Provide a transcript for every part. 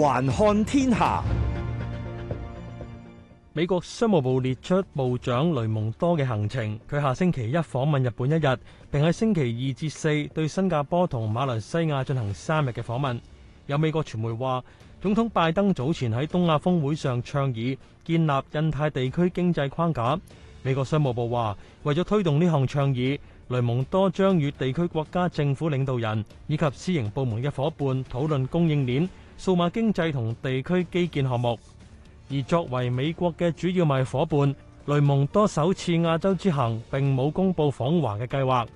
環看天下，美國商務部列出部長雷蒙多嘅行程。佢下星期一訪問日本一日，並喺星期二至四對新加坡同馬來西亞進行三日嘅訪問。有美國傳媒話，總統拜登早前喺東亞峰會上倡議，建立印太地區經濟框架。美國商務部話，為咗推動呢項倡議，雷蒙多將與地區國家政府領導人以及私營部門嘅伙伴討論供應鏈。數碼經濟同地區基建項目，而作為美國嘅主要賣伙伴，雷蒙多首次亞洲之行並冇公布訪華嘅計劃。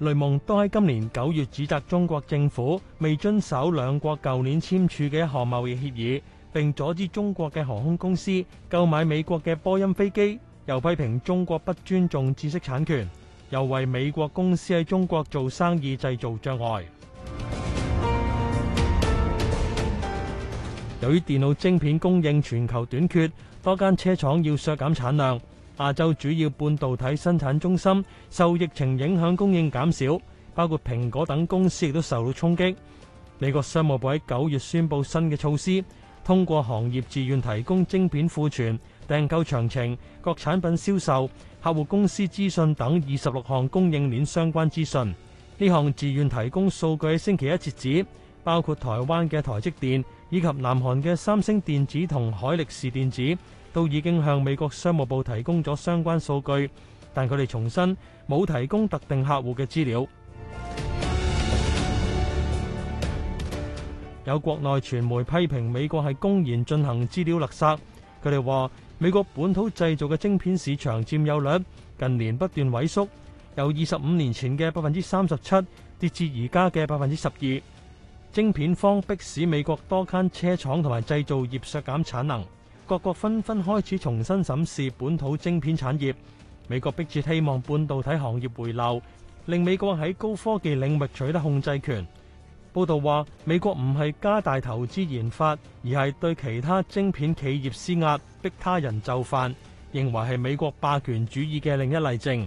雷蒙多喺今年九月指責中國政府未遵守兩國舊年簽署嘅一項貿易協議，並阻止中國嘅航空公司購買美國嘅波音飛機，又批評中國不尊重知識產權，又為美國公司喺中國做生意製造障礙。由於電腦晶片供應全球短缺，多間車廠要削減產量。亞洲主要半導體生產中心受疫情影響，供應減少，包括蘋果等公司亦都受到衝擊。美國商務部喺九月宣布新嘅措施，通過行業自願提供晶片庫存、訂購詳情、各產品銷售、客戶公司資訊等二十六項供應鏈相關資訊。呢項自願提供數據喺星期一截止，包括台灣嘅台積電。以及南韓嘅三星電子同海力士電子都已經向美國商務部提供咗相關數據，但佢哋重申冇提供特定客戶嘅資料。有國內傳媒批評美國係公然進行資料勒索，佢哋話美國本土製造嘅晶片市場佔有率近年不斷萎縮，由二十五年前嘅百分之三十七跌至而家嘅百分之十二。晶片方迫使美國多間車廠同埋製造業削減產能，各國紛紛開始重新審視本土晶片產業，美國迫切希望半導體行業回流，令美國喺高科技領域取得控制權。報道話美國唔係加大投資研發，而係對其他晶片企業施壓，逼他人就範，認為係美國霸權主義嘅另一例證。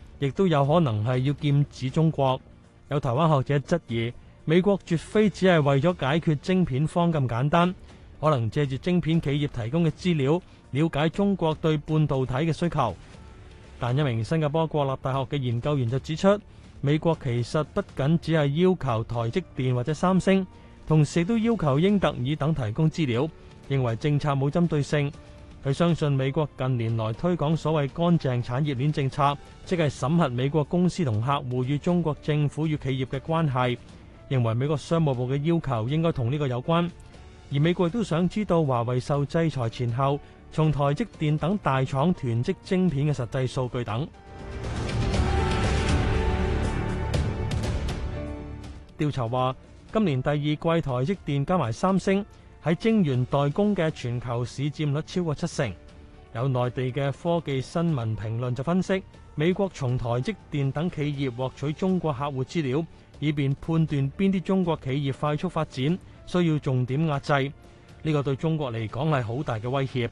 亦都有可能係要劍指中國。有台灣學者質疑，美國絕非只係為咗解決晶片荒咁簡單，可能借住晶片企業提供嘅資料，了解中國對半導體嘅需求。但一名新加坡國立大學嘅研究員就指出，美國其實不僅只係要求台積電或者三星，同時都要求英特爾等提供資料，認為政策冇針對性。佢相信美國近年來推廣所謂乾淨產業鏈政策，即係審核美國公司同客戶與中國政府與企業嘅關係，認為美國商務部嘅要求應該同呢個有關。而美國亦都想知道華為受制裁前後，從台積電等大廠囤積晶片嘅實際數據等。調查話今年第二季台積電加埋三星。喺晶圓代工嘅全球市佔率超過七成，有內地嘅科技新聞評論就分析，美國從台積電等企業獲取中國客戶資料，以便判斷邊啲中國企業快速發展需要重點壓制，呢個對中國嚟講，係好大嘅威脅。